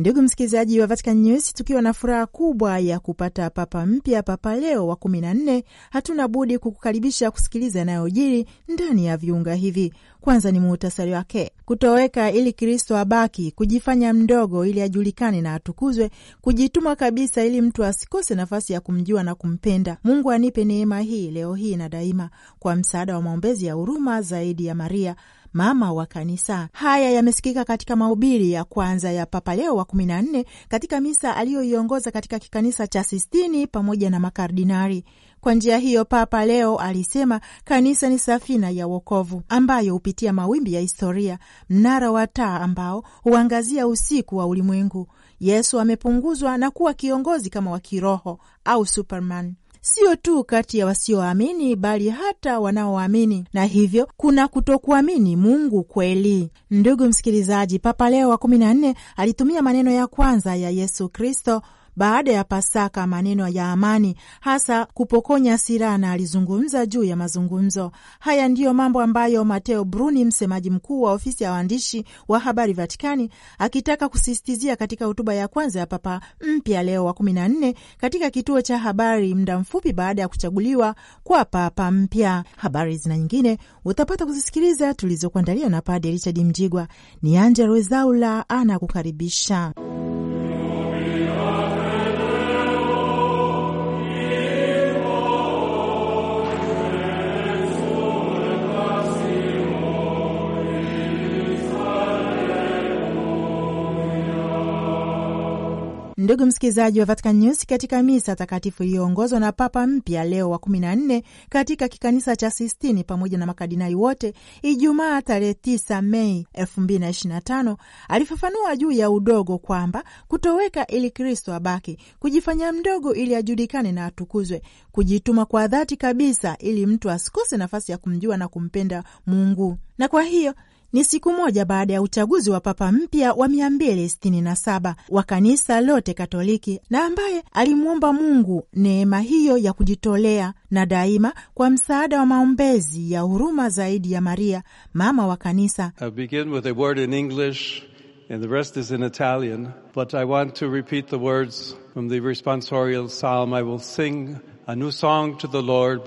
Ndugu msikilizaji wa Vatican News, tukiwa na furaha kubwa ya kupata papa mpya, Papa Leo wa kumi na nne, hatuna budi kukukaribisha kusikiliza yanayojiri ndani ya viunga hivi. Kwanza ni muhutasari wake: kutoweka ili Kristo abaki, kujifanya mdogo ili ajulikane na atukuzwe, kujituma kabisa ili mtu asikose nafasi ya kumjua na kumpenda. Mungu anipe neema hii leo hii na daima, kwa msaada wa maombezi ya huruma zaidi ya Maria mama wa kanisa. Haya yamesikika katika mahubiri ya kwanza ya Papa Leo wa kumi na nne katika misa aliyoiongoza katika kikanisa cha Sistini pamoja na makardinari. Kwa njia hiyo Papa Leo alisema kanisa ni safina ya wokovu ambayo hupitia mawimbi ya historia, mnara wa taa ambao huangazia usiku wa ulimwengu. Yesu amepunguzwa na kuwa kiongozi kama wa kiroho au Superman sio tu kati ya wasioamini bali hata wanaoamini, na hivyo kuna kutokuamini Mungu kweli. Ndugu msikilizaji, Papa Leo wa kumi na nne alitumia maneno ya kwanza ya Yesu Kristo baada ya Pasaka maneno ya amani, hasa kupokonya silaha, na alizungumza juu ya mazungumzo haya. Ndiyo mambo ambayo Mateo Bruni, msemaji mkuu wa ofisi ya waandishi wa habari Vatikani, akitaka kusisitizia katika hotuba ya kwanza ya Papa mpya Leo wa kumi na nne katika kituo cha habari muda mfupi baada ya kuchaguliwa kwa Papa mpya. Habari zina nyingine utapata kuzisikiliza tulizokuandalia na Padre Richard Mjigwa. Ni Angella Rwezaula anakukaribisha. Ndugu msikilizaji wa Vatican News, katika misa takatifu iliyoongozwa na Papa mpya Leo wa 14 katika kikanisa cha Sistini pamoja na makadinai wote, Ijumaa tarehe 9 Mei 2025, alifafanua juu ya udogo kwamba kutoweka ili Kristo abaki, kujifanya mdogo ili ajulikane na atukuzwe, kujituma kwa dhati kabisa ili mtu asikose nafasi ya kumjua na kumpenda Mungu na kwa hiyo ni siku moja baada ya uchaguzi wa papa mpya wa 267 wa kanisa lote Katoliki, na ambaye alimwomba Mungu neema hiyo ya kujitolea na daima kwa msaada wa maombezi ya huruma zaidi ya Maria, mama wa kanisa. I begin with a word in English and the rest is in Italian, but I want to repeat the words from the responsorial psalm. I will sing a new song to the Lord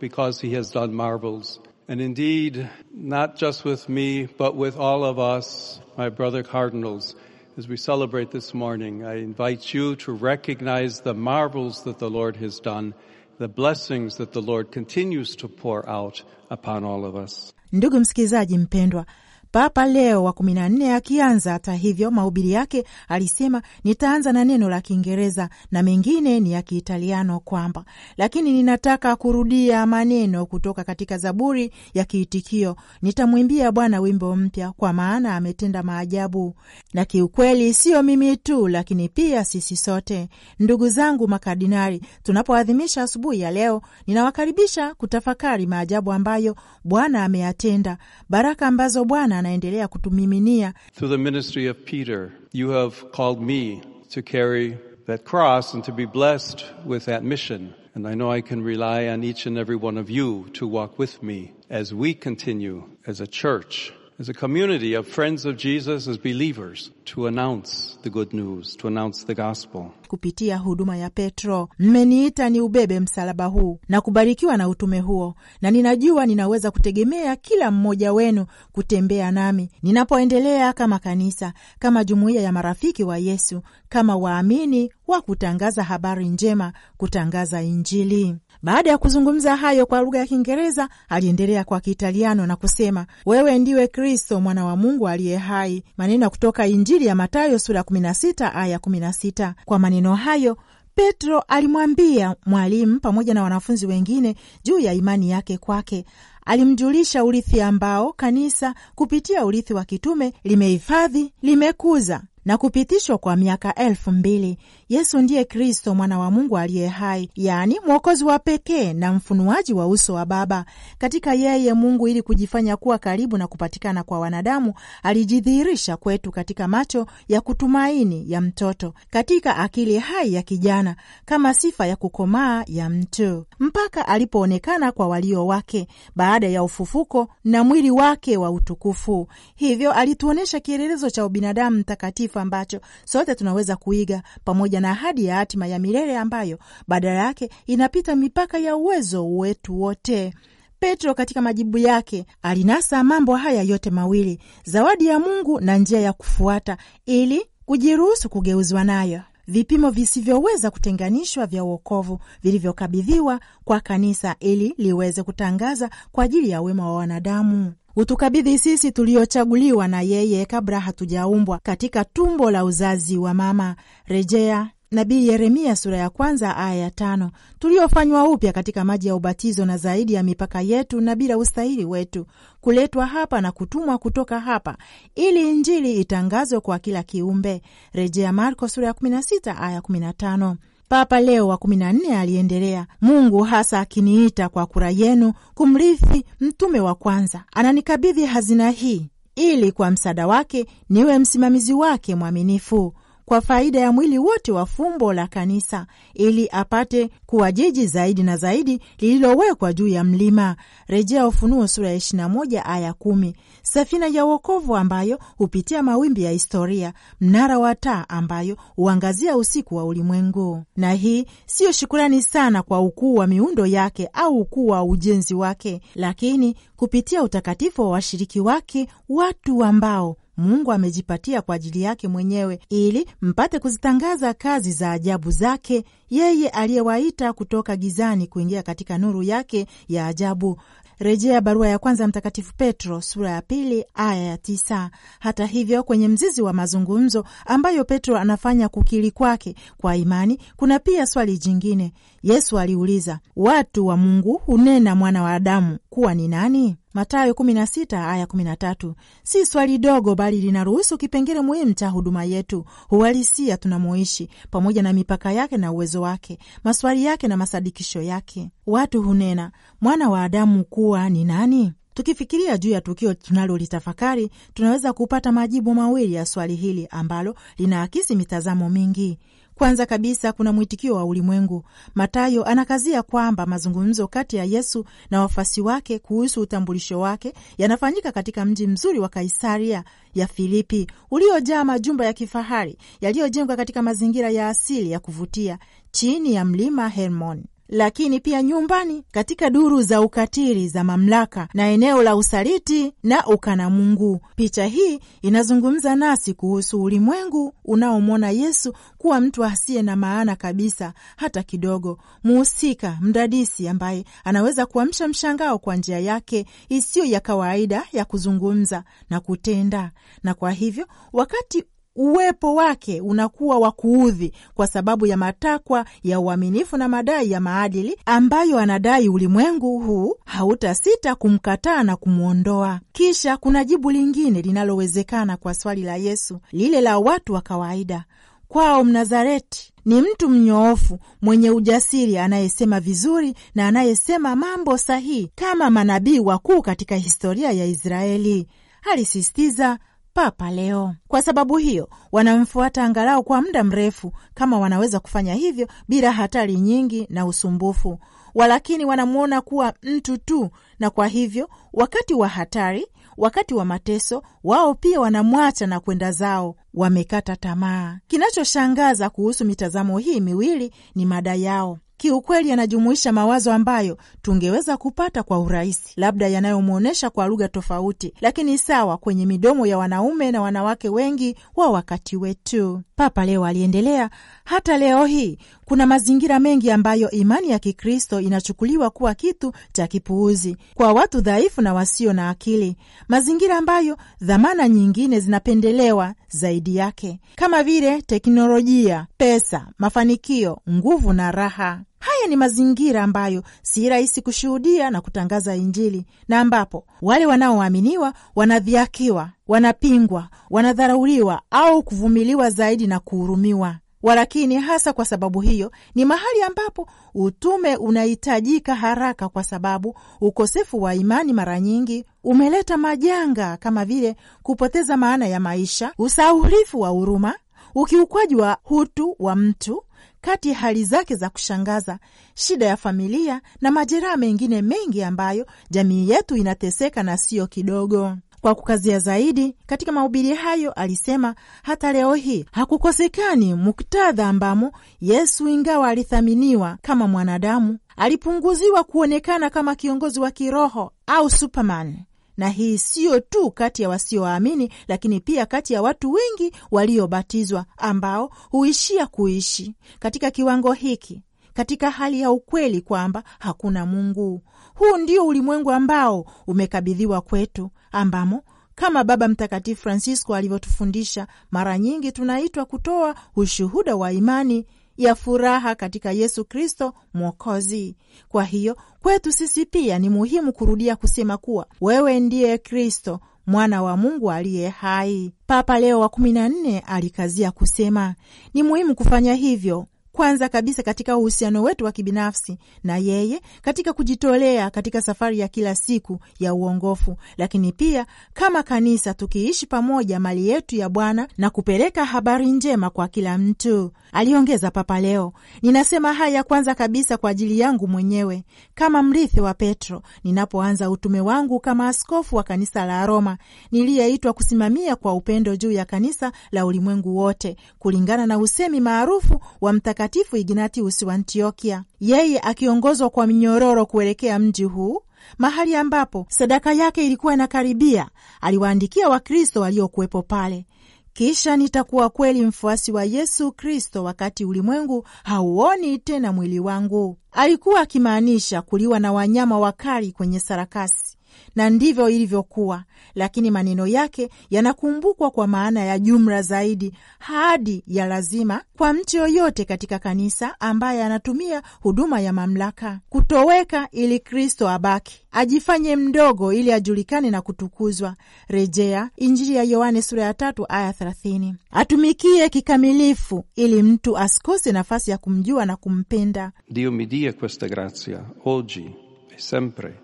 because he has done marvels. And indeed, not just with me, but with all of us, my brother cardinals, as we celebrate this morning, I invite you to recognize the marvels that the Lord has done, the blessings that the Lord continues to pour out upon all of us. Ndugu msikilizaji mpendwa, Papa Leo wa kumi na nne akianza hata hivyo mahubiri yake alisema, nitaanza na neno la Kiingereza na mengine ni ya Kiitaliano, kwamba lakini ninataka kurudia maneno kutoka katika Zaburi ya kiitikio, nitamwimbia Bwana wimbo mpya, kwa maana ametenda maajabu. Na kiukweli sio mimi tu, lakini pia sisi sote, ndugu zangu makardinali, tunapoadhimisha asubuhi ya leo, ninawakaribisha kutafakari maajabu ambayo Bwana ameyatenda, baraka ambazo Bwana anaendelea kutumiminia. Through the ministry of Peter, you have called me to carry that cross and to be blessed with that mission. And I know I can rely on each and every one of you to walk with me as we continue as a church, as a community of friends of Jesus, as believers, To announce the good news, to announce the gospel. Kupitia huduma ya Petro mmeniita ni ubebe msalaba huu na kubarikiwa na utume huo, na ninajua ninaweza kutegemea kila mmoja wenu kutembea nami ninapoendelea kama kanisa, kama jumuiya ya marafiki wa Yesu, kama waamini wa kutangaza habari njema, kutangaza Injili. Baada ya kuzungumza hayo kwa lugha ya Kiingereza, aliendelea kwa Kiitaliano na kusema, wewe ndiwe Kristo mwana wa Mungu aliye hai, maneno ya kutoka Injili Injili ya Mathayo sura 16 aya 16. Kwa maneno hayo Petro alimwambia mwalimu pamoja na wanafunzi wengine juu ya imani yake kwake. Alimjulisha urithi ambao kanisa kupitia urithi wa kitume limehifadhi, limekuza na kupitishwa kwa miaka elfu mbili. Yesu ndiye Kristo mwana wa Mungu aliye hai, yaani mwokozi wa pekee na mfunuaji wa uso wa Baba. Katika yeye Mungu, ili kujifanya kuwa karibu na kupatikana kwa wanadamu, alijidhihirisha kwetu katika macho ya kutumaini ya mtoto, katika akili hai ya kijana, kama sifa ya kukomaa ya mtu, mpaka alipoonekana kwa walio wake baada ya ufufuko na mwili wake wa utukufu. Hivyo alituonyesha kielelezo cha ubinadamu mtakatifu kitakatifu ambacho sote tunaweza kuiga pamoja na ahadi ya hatima ya milele ambayo badala yake inapita mipaka ya uwezo wetu wote. Petro katika majibu yake alinasa mambo haya yote mawili, zawadi ya Mungu na njia ya kufuata ili kujiruhusu kugeuzwa nayo vipimo visivyoweza kutenganishwa vya uokovu vilivyokabidhiwa kwa kanisa ili liweze kutangaza kwa ajili ya wema wa wanadamu utukabidhi sisi tuliochaguliwa na yeye kabla hatujaumbwa katika tumbo la uzazi wa mama, rejea nabii Yeremia sura ya kwanza aya ya tano, tuliofanywa upya katika maji ya ubatizo na zaidi ya mipaka yetu na bila ustahili wetu, kuletwa hapa na kutumwa kutoka hapa, ili Injili itangazwe kwa kila kiumbe, rejea Marko sura ya 16 aya 15. Papa Leo wa kumi na nne aliendelea, Mungu hasa akiniita kwa kura yenu kumrithi mtume wa kwanza, ananikabidhi hazina hii ili kwa msaada wake niwe msimamizi wake mwaminifu kwa faida ya mwili wote wa fumbo la kanisa, ili apate kuwa jiji zaidi na zaidi lililowekwa juu ya mlima, rejea Ufunuo sura ya 21 aya 10, safina ya wokovu ambayo hupitia mawimbi ya historia, mnara wa taa ambayo huangazia usiku wa ulimwengu. Na hii siyo shukurani sana kwa ukuu wa miundo yake au ukuu wa ujenzi wake, lakini kupitia utakatifu wa washiriki wake, watu ambao Mungu amejipatia kwa ajili yake mwenyewe, ili mpate kuzitangaza kazi za ajabu zake, yeye aliyewaita kutoka gizani kuingia katika nuru yake ya ajabu. Rejea barua ya kwanza Mtakatifu Petro sura ya pili aya ya tisa. Hata hivyo, kwenye mzizi wa mazungumzo ambayo Petro anafanya kukiri kwake kwa imani, kuna pia swali jingine. Yesu aliuliza, watu wa Mungu hunena mwana wa Adamu kuwa ni nani? 16 aya 13 si swali dogo, bali linaruhusu kipengele muhimu cha huduma yetu, uhalisia tunamoishi, pamoja na mipaka yake na uwezo wake, maswali yake na masadikisho yake. Watu hunena mwana wa Adamu kuwa ni nani? Tukifikiria juu ya tukio tunalolitafakari tunaweza kupata majibu mawili ya swali hili ambalo linaakisi mitazamo mingi. Kwanza kabisa kuna mwitikio wa ulimwengu. Matayo anakazia kwamba mazungumzo kati ya Yesu na wafasi wake kuhusu utambulisho wake yanafanyika katika mji mzuri wa Kaisaria ya Filipi uliojaa majumba ya kifahari yaliyojengwa katika mazingira ya asili ya kuvutia chini ya mlima Hermon lakini pia nyumbani, katika duru za ukatili za mamlaka na eneo la usaliti na ukanamungu. Picha hii inazungumza nasi kuhusu ulimwengu unaomwona Yesu kuwa mtu asiye na maana kabisa hata kidogo, muhusika mdadisi ambaye anaweza kuamsha mshangao kwa njia yake isiyo ya kawaida ya kuzungumza na kutenda. Na kwa hivyo wakati uwepo wake unakuwa wa kuudhi kwa sababu ya matakwa ya uaminifu na madai ya maadili ambayo anadai ulimwengu huu hautasita kumkataa na kumwondoa. Kisha kuna jibu lingine linalowezekana kwa swali la Yesu, lile la watu wa kawaida. Kwao Mnazareti ni mtu mnyoofu mwenye ujasiri, anayesema vizuri na anayesema mambo sahihi kama manabii wakuu katika historia ya Israeli. Alisisitiza Papa leo. Kwa sababu hiyo, wanamfuata angalau kwa muda mrefu, kama wanaweza kufanya hivyo bila hatari nyingi na usumbufu. Walakini wanamwona kuwa mtu tu, na kwa hivyo wakati wa hatari, wakati wa mateso, wao pia wanamwacha na kwenda zao, wamekata tamaa. Kinachoshangaza kuhusu mitazamo hii miwili ni mada yao kiukweli yanajumuisha mawazo ambayo tungeweza kupata kwa urahisi, labda yanayomwonyesha kwa lugha tofauti, lakini sawa kwenye midomo ya wanaume na wanawake wengi wa wakati wetu. Papa leo aliendelea hata leo hii kuna mazingira mengi ambayo imani ya Kikristo inachukuliwa kuwa kitu cha kipuuzi kwa watu dhaifu na wasio na akili, mazingira ambayo dhamana nyingine zinapendelewa zaidi yake kama vile teknolojia, pesa, mafanikio, nguvu na raha. Haya ni mazingira ambayo si rahisi kushuhudia na kutangaza Injili, na ambapo wale wanaoaminiwa wanadhiakiwa, wanapingwa, wanadharauliwa au kuvumiliwa zaidi na kuhurumiwa. Walakini hasa kwa sababu hiyo ni mahali ambapo utume unahitajika haraka, kwa sababu ukosefu wa imani mara nyingi umeleta majanga kama vile kupoteza maana ya maisha, usaurifu wa huruma, ukiukwaji wa utu wa mtu kati ya hali zake za kushangaza, shida ya familia na majeraha mengine mengi ambayo jamii yetu inateseka na siyo kidogo. Kwa kukazia zaidi katika mahubiri hayo, alisema hata leo hii hakukosekani muktadha ambamo Yesu ingawa alithaminiwa kama mwanadamu, alipunguziwa kuonekana kama kiongozi wa kiroho au Superman na hii siyo tu kati ya wasioamini, lakini pia kati ya watu wengi waliobatizwa ambao huishia kuishi katika kiwango hiki, katika hali ya ukweli kwamba hakuna Mungu. Huu ndio ulimwengu ambao umekabidhiwa kwetu, ambamo kama Baba Mtakatifu Francisco alivyotufundisha mara nyingi, tunaitwa kutoa ushuhuda wa imani ya furaha katika Yesu Kristo Mwokozi. Kwa hiyo kwetu sisi pia ni muhimu kurudia kusema kuwa wewe ndiye Kristo mwana wa Mungu aliye hai. Papa Leo wa kumi na nne alikazia kusema ni muhimu kufanya hivyo kwanza kabisa katika uhusiano wetu wa kibinafsi na yeye, katika kujitolea katika safari ya kila siku ya uongofu, lakini pia kama kanisa tukiishi pamoja mali yetu ya Bwana na kupeleka habari njema kwa kila mtu, aliongeza Papa Leo. Ninasema haya kwanza kabisa kwa ajili yangu mwenyewe kama mrithi wa Petro, ninapoanza utume wangu kama askofu wa kanisa la Roma, niliyeitwa kusimamia kwa upendo juu ya kanisa la ulimwengu wote kulingana na usemi maarufu wa mtaka Mtakatifu Ignatius wa Antiokia, yeye akiongozwa kwa mnyororo kuelekea mji huu mahali ambapo sadaka yake ilikuwa inakaribia. Aliwaandikia Wakristo waliokuwepo pale: kisha nitakuwa kweli mfuasi wa Yesu Kristo wakati ulimwengu hauoni tena mwili wangu. Alikuwa akimaanisha kuliwa na wanyama wakali kwenye sarakasi na ndivyo ilivyokuwa, lakini maneno yake yanakumbukwa kwa maana ya jumla zaidi hadi ya lazima kwa mtu yoyote katika kanisa ambaye anatumia huduma ya mamlaka, kutoweka ili Kristo abaki, ajifanye mdogo ili ajulikane na kutukuzwa, rejea Injili ya Yohane sura ya tatu aya thelathini. Atumikie kikamilifu ili mtu asikose nafasi ya kumjua na kumpenda. Dio mi dia questa grazia oggi e sempre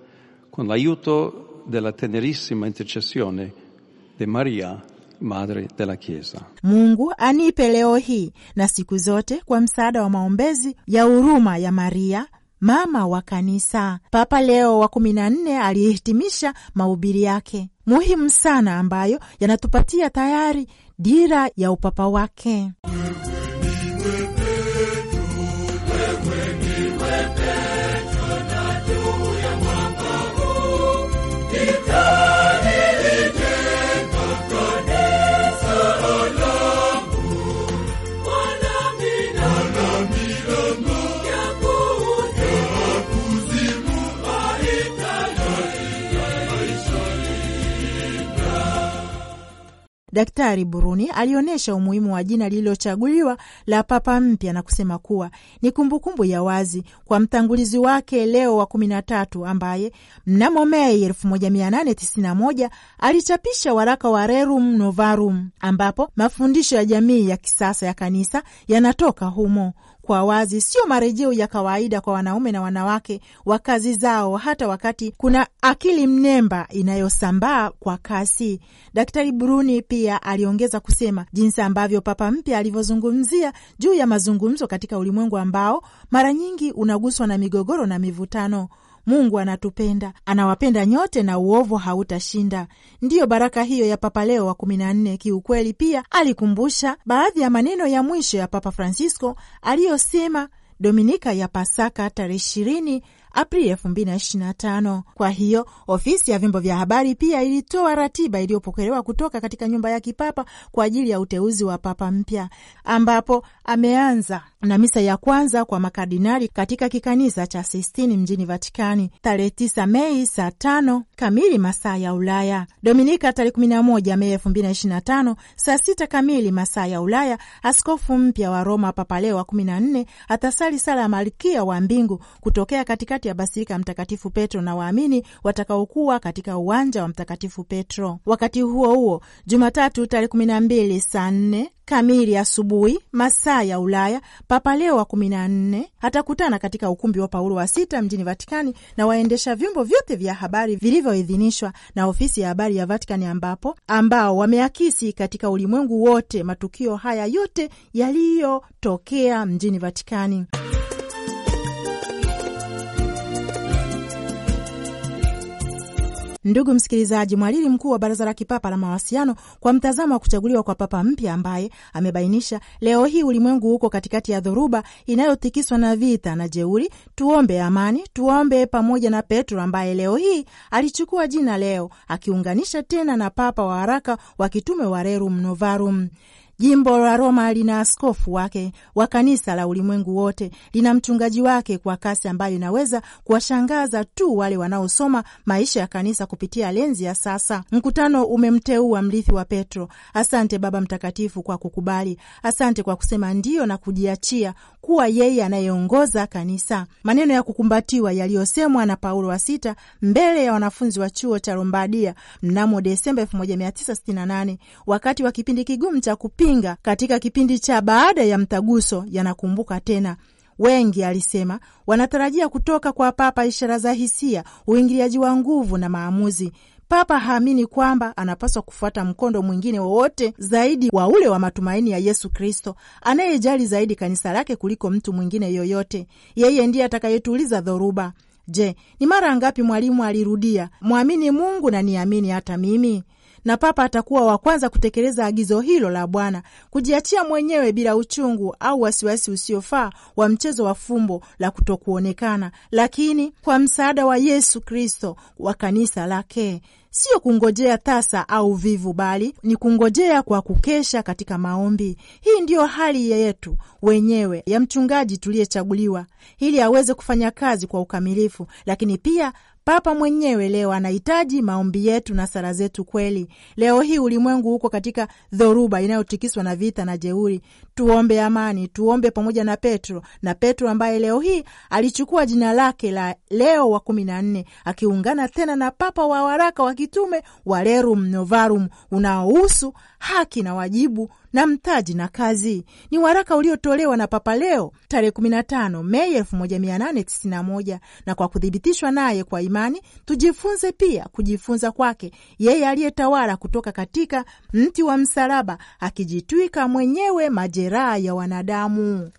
con l'aiuto della tenerissima intercessione di Maria Madre della Chiesa. Mungu anipe leo hii na siku zote kwa msaada wa maombezi ya huruma ya Maria mama wa kanisa. Papa Leo wa kumi na nne mahubiri yake muhimu sana ambayo yanatupatia tayari dira ya upapa wake. Daktari Buruni alionyesha umuhimu wa jina lililochaguliwa la papa mpya na kusema kuwa ni kumbukumbu ya wazi kwa mtangulizi wake Leo wa kumi na tatu ambaye mnamo Mei 1891 alichapisha waraka wa Rerum Novarum ambapo mafundisho ya jamii ya kisasa ya kanisa yanatoka humo kwa wazi sio marejeo ya kawaida kwa wanaume na wanawake wa kazi zao, hata wakati kuna akili mnemba inayosambaa kwa kasi. Daktari Bruni pia aliongeza kusema jinsi ambavyo Papa mpya alivyozungumzia juu ya mazungumzo katika ulimwengu ambao mara nyingi unaguswa na migogoro na mivutano Mungu anatupenda, anawapenda nyote na uovu hautashinda. Ndiyo baraka hiyo ya Papa Leo wa kumi na nne. Kiukweli pia alikumbusha baadhi ya maneno ya mwisho ya Papa Francisco aliyosema Dominika ya Pasaka tarehe ishirini Aprili 2025. Kwa hiyo ofisi ya vyombo vya habari pia ilitoa ratiba iliyopokelewa kutoka katika nyumba ya kipapa kwa ajili ya uteuzi wa papa mpya, ambapo ameanza na misa ya kwanza kwa makardinali katika kikanisa cha Sistini mjini Vatikani tarehe 9 Mei saa tano kamili masaa ya Ulaya. Dominika tarehe 11 Mei 2025 saa sita kamili masaa ya Ulaya, askofu mpya wa Roma Papa Leo wa 14 atasali sala ya Malkia wa Mbingu kutokea katikati ya ya Mtakatifu Petro na waamini watakaokuwa katika uwanja wa Mtakatifu Petro. Wakati huo huo, Jumatatu tarehe kumi na mbili saa nne kamili asubuhi masaa ya Ulaya, Papa Leo wa kumi na nne atakutana katika ukumbi wa Paulo wa sita mjini Vatikani na waendesha vyombo vyote vya habari vilivyoidhinishwa na ofisi ya habari ya Vatikani, ambapo ambao wameakisi katika ulimwengu wote matukio haya yote yaliyotokea mjini Vatikani. Ndugu msikilizaji, mwalili mkuu wa Baraza la Kipapa la Mawasiliano, kwa mtazamo wa kuchaguliwa kwa papa mpya ambaye amebainisha leo hii ulimwengu huko katikati ya dhoruba inayotikiswa na vita na jeuri, tuombe amani, tuombe pamoja na Petro ambaye leo hii alichukua jina leo, akiunganisha tena na papa wa haraka wa kitume wa Rerum Novarum. Jimbo la Roma lina askofu wake wa kanisa la ulimwengu wote, lina mchungaji wake kwa kasi ambayo inaweza kuwashangaza tu wale wanaosoma maisha ya kanisa kupitia lenzi ya sasa. Mkutano umemteua mrithi wa Petro. Asante Baba Mtakatifu kwa kukubali, asante kwa kusema ndio na kujiachia kuwa yeye anayeongoza kanisa. Maneno ya kukumbatiwa yaliyosemwa na Paulo wa Sita mbele ya wanafunzi wa chuo cha Lombardia mnamo Desemba 1968 wakati wa kipindi kigumu cha kupinga katika kipindi cha baada ya mtaguso yanakumbuka tena wengi alisema wanatarajia kutoka kwa Papa ishara za hisia, uingiliaji wa nguvu na maamuzi Papa haamini kwamba anapaswa kufuata mkondo mwingine wowote zaidi wa ule wa matumaini ya Yesu Kristo, anayejali zaidi kanisa lake kuliko mtu mwingine yoyote. Yeye ndiye atakayetuliza dhoruba. Je, ni mara ngapi mwalimu alirudia, mwamini Mungu na niamini hata mimi? na Papa atakuwa wa kwanza kutekeleza agizo hilo la Bwana, kujiachia mwenyewe bila uchungu au wasiwasi usiofaa wa mchezo wa fumbo la kutokuonekana, lakini kwa msaada wa Yesu Kristo wa kanisa lake. Sio kungojea tasa au vivu, bali ni kungojea kwa kukesha katika maombi. Hii ndiyo hali yetu wenyewe ya mchungaji tuliyechaguliwa, ili aweze kufanya kazi kwa ukamilifu, lakini pia Papa mwenyewe leo anahitaji maombi yetu na sala zetu kweli. Leo hii ulimwengu uko katika dhoruba inayotikiswa na vita na jeuri. Tuombe amani, tuombe pamoja na Petro na Petro ambaye leo hii alichukua jina lake la Leo wa kumi na nne akiungana tena na Papa wa waraka wa kitume wa Rerum Novarum unaohusu haki na wajibu na mtaji na kazi. Ni waraka uliotolewa na Papa Leo tarehe 15 Mei 1891, na kwa kuthibitishwa naye kwa imani tujifunze pia kujifunza kwake yeye aliyetawala kutoka katika mti wa msalaba, akijitwika mwenyewe majeraha ya wanadamu.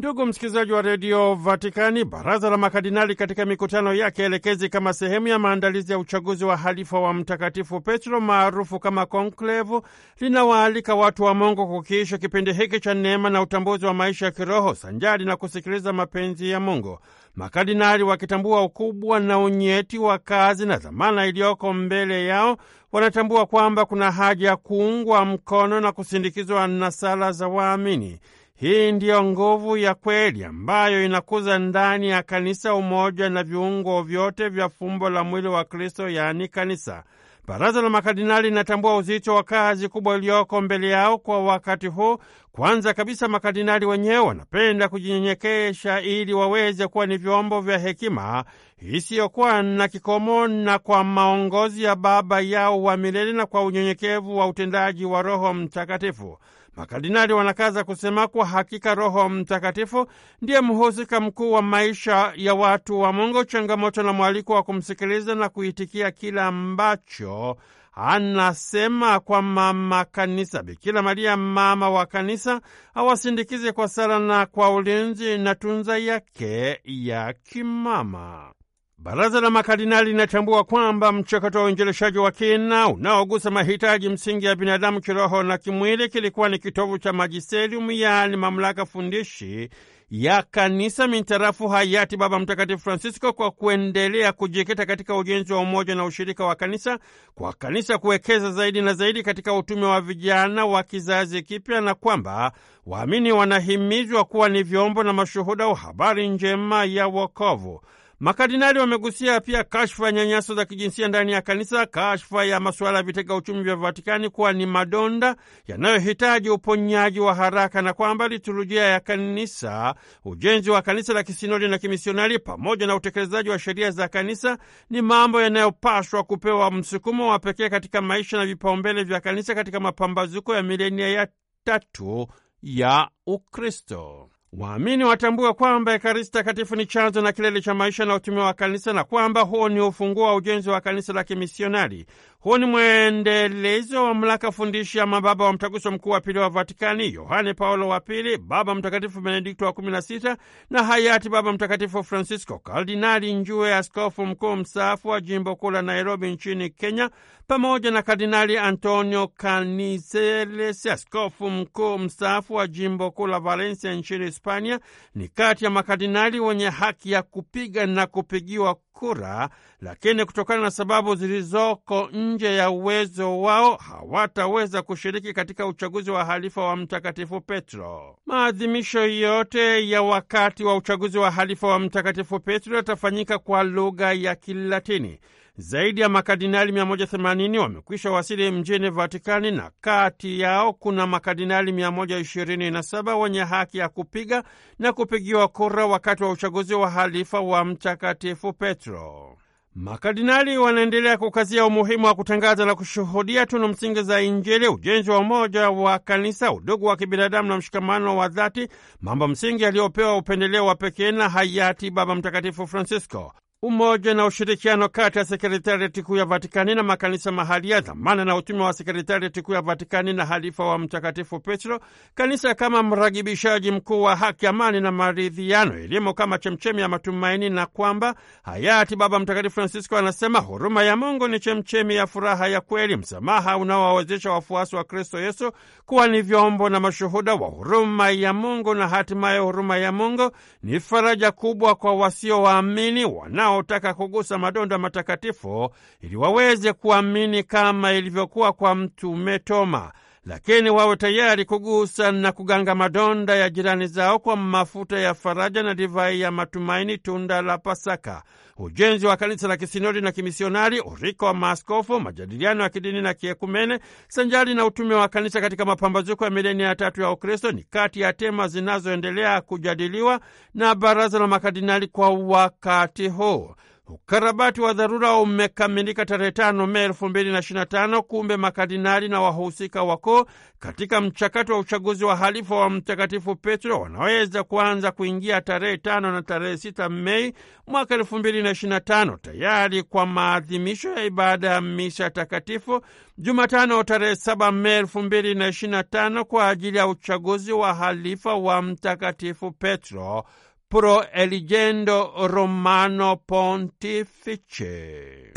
Ndugu msikilizaji wa redio Vatikani, baraza la makardinali katika mikutano yake elekezi kama sehemu ya maandalizi ya uchaguzi wa halifa wa Mtakatifu Petro maarufu kama konklevu, linawaalika watu wa Mungu kukiisha kipindi hiki cha neema na utambuzi wa maisha ya kiroho sanjari na kusikiliza mapenzi ya Mungu. Makardinali wakitambua ukubwa na unyeti wa kazi na dhamana iliyoko mbele yao, wanatambua kwamba kuna haja ya kuungwa mkono na kusindikizwa na sala za waamini. Hii ndiyo nguvu ya kweli ambayo inakuza ndani ya kanisa umoja na viungo vyote vya fumbo la mwili wa Kristo, yaani kanisa. Baraza la makardinali linatambua uzito wa kazi kubwa iliyoko mbele yao kwa wakati huu. Kwanza kabisa, makardinali wenyewe wanapenda kujinyenyekesha ili waweze kuwa ni vyombo vya hekima isiyokuwa na kikomo na kwa maongozi ya Baba yao wa milele na kwa unyenyekevu wa utendaji wa Roho Mtakatifu. Makardinali wanakaza kusema kwa hakika Roho Mtakatifu ndiye mhusika mkuu wa maisha ya watu wa Mungu, changamoto na mwaliko wa kumsikiliza na kuitikia kila ambacho anasema kwa mama kanisa. Bikira Maria, mama wa kanisa, awasindikize kwa sala na kwa ulinzi na tunza yake ya kimama. Baraza la Makardinali linatambua kwamba mchakato wa uinjilishaji wa kina unaogusa mahitaji msingi ya binadamu kiroho na kimwili kilikuwa ni kitovu cha magisterium, yaani mamlaka fundishi ya kanisa mintarafu hayati Baba Mtakatifu Francisco, kwa kuendelea kujikita katika ujenzi wa umoja na ushirika wa kanisa, kwa kanisa kuwekeza zaidi na zaidi katika utume wa vijana wa kizazi kipya, na kwamba waamini wanahimizwa kuwa ni vyombo na mashuhuda wa habari njema ya wokovu. Makardinali wamegusia pia kashfa ya nyanyaso za kijinsia ndani ya kanisa, kashfa ya masuala ya vitega uchumi vya Vatikani kuwa ni madonda yanayohitaji uponyaji wa haraka, na kwamba liturujia ya kanisa, ujenzi wa kanisa la kisinodi na kimisionari, pamoja na utekelezaji wa sheria za kanisa ni mambo yanayopaswa kupewa msukumo wa pekee katika maisha na vipaumbele vya kanisa katika mapambazuko ya milenia ya tatu ya Ukristo. Waamini watambue kwamba Ekaristi Takatifu ni chanzo na kilele cha maisha na utumia wa kanisa na kwamba huo ni ufunguo wa ujenzi wa kanisa la kimisionari. Huu ni mwendelezo wa mamlaka fundishi ya mababa wa mtaguso mkuu wa pili wa Vatikani, Yohane Paulo wa pili, Baba Mtakatifu Benedikto wa kumi na sita na hayati Baba Mtakatifu Francisco, Kardinali Njue, askofu mkuu mstaafu wa jimbo kuu la Nairobi nchini Kenya, pamoja na Kardinali Antonio kaniseles askofu mkuu mstaafu wa jimbo kuu la Valencia nchini Hispania, ni kati ya makardinali wenye haki ya kupiga na kupigiwa kura, lakini kutokana na sababu zilizoko nje ya uwezo wao hawataweza kushiriki katika uchaguzi wa halifa wa Mtakatifu Petro. Maadhimisho yote ya wakati wa uchaguzi wa halifa wa Mtakatifu Petro yatafanyika kwa lugha ya Kilatini. Zaidi ya makardinali 180 wamekwisha wasili mjini Vatikani na kati yao kuna makardinali 127 wenye haki ya kupiga na kupigiwa kura wakati wa uchaguzi wa halifa wa Mtakatifu Petro. Makardinali wanaendelea kukazia umuhimu wa kutangaza na kushuhudia tunu msingi za Injili, ujenzi wa umoja wa kanisa, udugu wa kibinadamu na mshikamano wa dhati, mambo msingi yaliyopewa upendeleo wa pekee na hayati Baba Mtakatifu Francisco umoja na ushirikiano kati ya sekretarieti kuu ya Vatikani na makanisa mahalia, dhamana na utume wa sekretarieti kuu ya Vatikani na halifa wa Mtakatifu Petro, kanisa kama mragibishaji mkuu wa haki, amani na maridhiano, elimu kama chemchemi ya matumaini, na kwamba hayati Baba Mtakatifu Francisco anasema huruma ya Mungu ni chemchemi ya furaha ya kweli, msamaha unaowawezesha wafuasi wa Kristo Yesu kuwa ni vyombo na mashuhuda wa huruma ya Mungu, na hatimaye huruma ya Mungu ni faraja kubwa kwa wasiowaamini wana wanaotaka kugusa madondo matakatifu ili waweze kuamini kama ilivyokuwa kwa Mtume Toma lakini wawe tayari kugusa na kuganga madonda ya jirani zao kwa mafuta ya faraja na divai ya matumaini, tunda la Pasaka. Ujenzi wa kanisa la kisinodi na kimisionari, urika wa maaskofu, majadiliano ya kidini na kiekumene, sanjari na utume wa kanisa katika mapambazuko ya milenia ya tatu ya Ukristo ni kati ya tema zinazoendelea kujadiliwa na Baraza la Makardinali kwa wakati huu. Ukarabati wa dharura umekamilika tarehe tano Mei elfu mbili na ishirini na tano. Kumbe makardinali na wahusika wakuu katika mchakato wa uchaguzi wa halifa wa Mtakatifu Petro wanaweza kuanza kuingia tarehe tano na tarehe sita Mei mwaka elfu mbili na ishirini na tano tayari kwa maadhimisho ya ibada ya misa takatifu Jumatano tarehe saba Mei elfu mbili na ishirini na tano kwa ajili ya uchaguzi wa halifa wa Mtakatifu Petro proeligendo Romano Pontifice.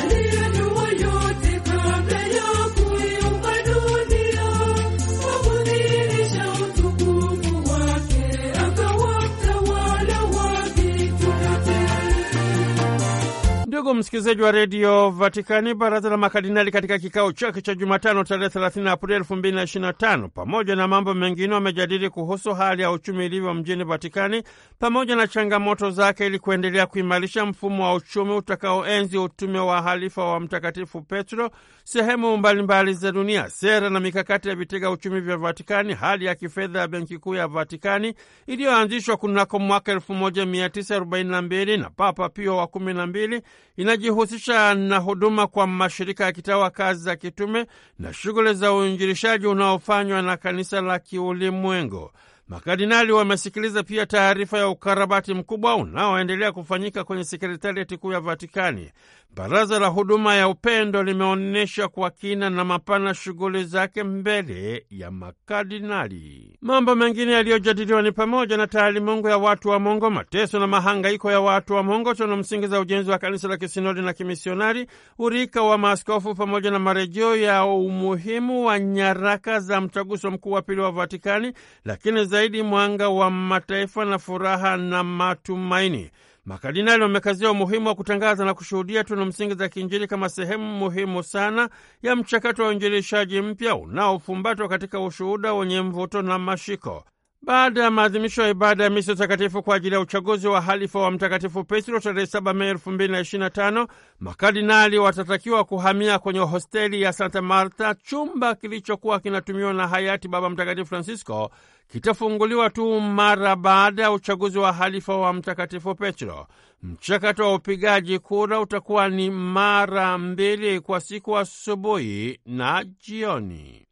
msikilizaji wa redio Vatikani, baraza la makardinali katika kikao chake cha Jumatano tarehe 30 Aprili 2025 pamoja na mambo mengine wamejadili kuhusu hali ya uchumi ilivyo mjini Vatikani pamoja na changamoto zake ili kuendelea kuimarisha mfumo wa uchumi utakaoenzi utume wa halifa wa Mtakatifu Petro sehemu mbalimbali za dunia, sera na mikakati ya vitega uchumi vya Vatikani, hali ya kifedha ya Benki Kuu ya Vatikani iliyoanzishwa kunako mwaka 1942 na Papa Pio wa 12 inajihusisha na huduma kwa mashirika ya kitawa, kazi za kitume na shughuli za uinjilishaji unaofanywa na kanisa la kiulimwengu. Makardinali wamesikiliza pia taarifa ya ukarabati mkubwa unaoendelea kufanyika kwenye sekretarieti kuu ya Vatikani. Baraza la huduma ya upendo limeonyesha kwa kina na mapana shughuli zake mbele ya makardinali. Mambo mengine yaliyojadiliwa ni pamoja na taalimungu ya watu wa Mungu, mateso na mahangaiko ya watu wa Mungu, tano msingi za ujenzi wa kanisa la kisinodi na kimisionari, urika wa maaskofu, pamoja na marejeo ya umuhimu wa nyaraka za mtaguso mkuu wa pili wa Vatikani, lakini zaidi mwanga wa mataifa na furaha na matumaini. Makardinali wamekazia umuhimu wa kutangaza na kushuhudia tunu msingi za kiinjili kama sehemu muhimu sana ya mchakato wa uinjilishaji mpya unaofumbatwa katika ushuhuda wenye mvuto na mashiko. Baada ya maadhimisho ya ibada ya misa takatifu kwa ajili ya uchaguzi wa halifa wa Mtakatifu Petro tarehe 7 Mei 2025, makardinali watatakiwa kuhamia kwenye hosteli ya Santa Marta, chumba kilichokuwa kinatumiwa na hayati Baba Mtakatifu Francisco kitafunguliwa tu mara baada ya uchaguzi wa halifa wa Mtakatifu Petro. Mchakato wa upigaji kura utakuwa ni mara mbili kwa siku, asubuhi na jioni.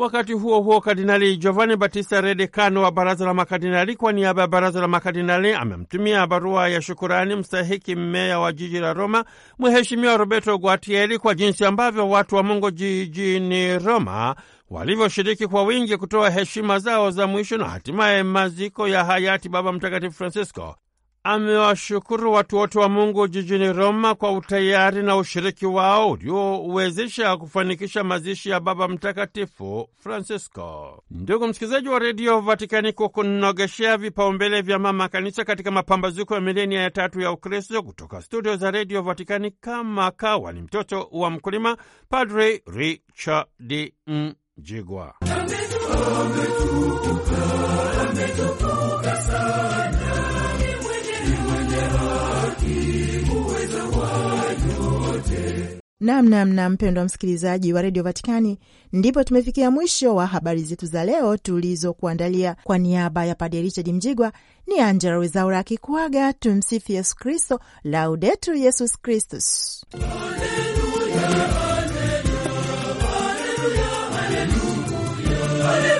Wakati huo huo, Kardinali Giovanni Battista Re wa baraza la makardinali, kwa niaba ya baraza la makardinali, amemtumia barua ya shukurani mstahiki mmeya wa jiji la Roma, Mheshimiwa Roberto Guatieri, kwa jinsi ambavyo watu wa Mungu jijini Roma walivyoshiriki kwa wingi kutoa heshima zao za mwisho na hatimaye maziko ya hayati Baba Mtakatifu Francisco amewashukuru watu wote wa Mungu jijini Roma kwa utayari na ushiriki wao uliowezesha kufanikisha mazishi ya Baba Mtakatifu Francisco. Ndugu msikilizaji wa Redio Vatikani, kukunogeshea vipaumbele vya Mama Kanisa katika mapambazuko ya milenia ya tatu ya Ukristo, kutoka studio za Redio Vatikani, kama kawa ni mtoto wa mkulima, Padre Richard Mjigwa. Namnamna mpendwa msikilizaji wa redio Vatikani, ndipo tumefikia mwisho wa habari zetu za leo tulizokuandalia. Kwa niaba ya Padre Richard Mjigwa ni Angela Wezaura akikuaga. Tumsifu Yesu Kristo, Laudetur Yesus Kristus. aleluya, aleluya, aleluya, aleluya.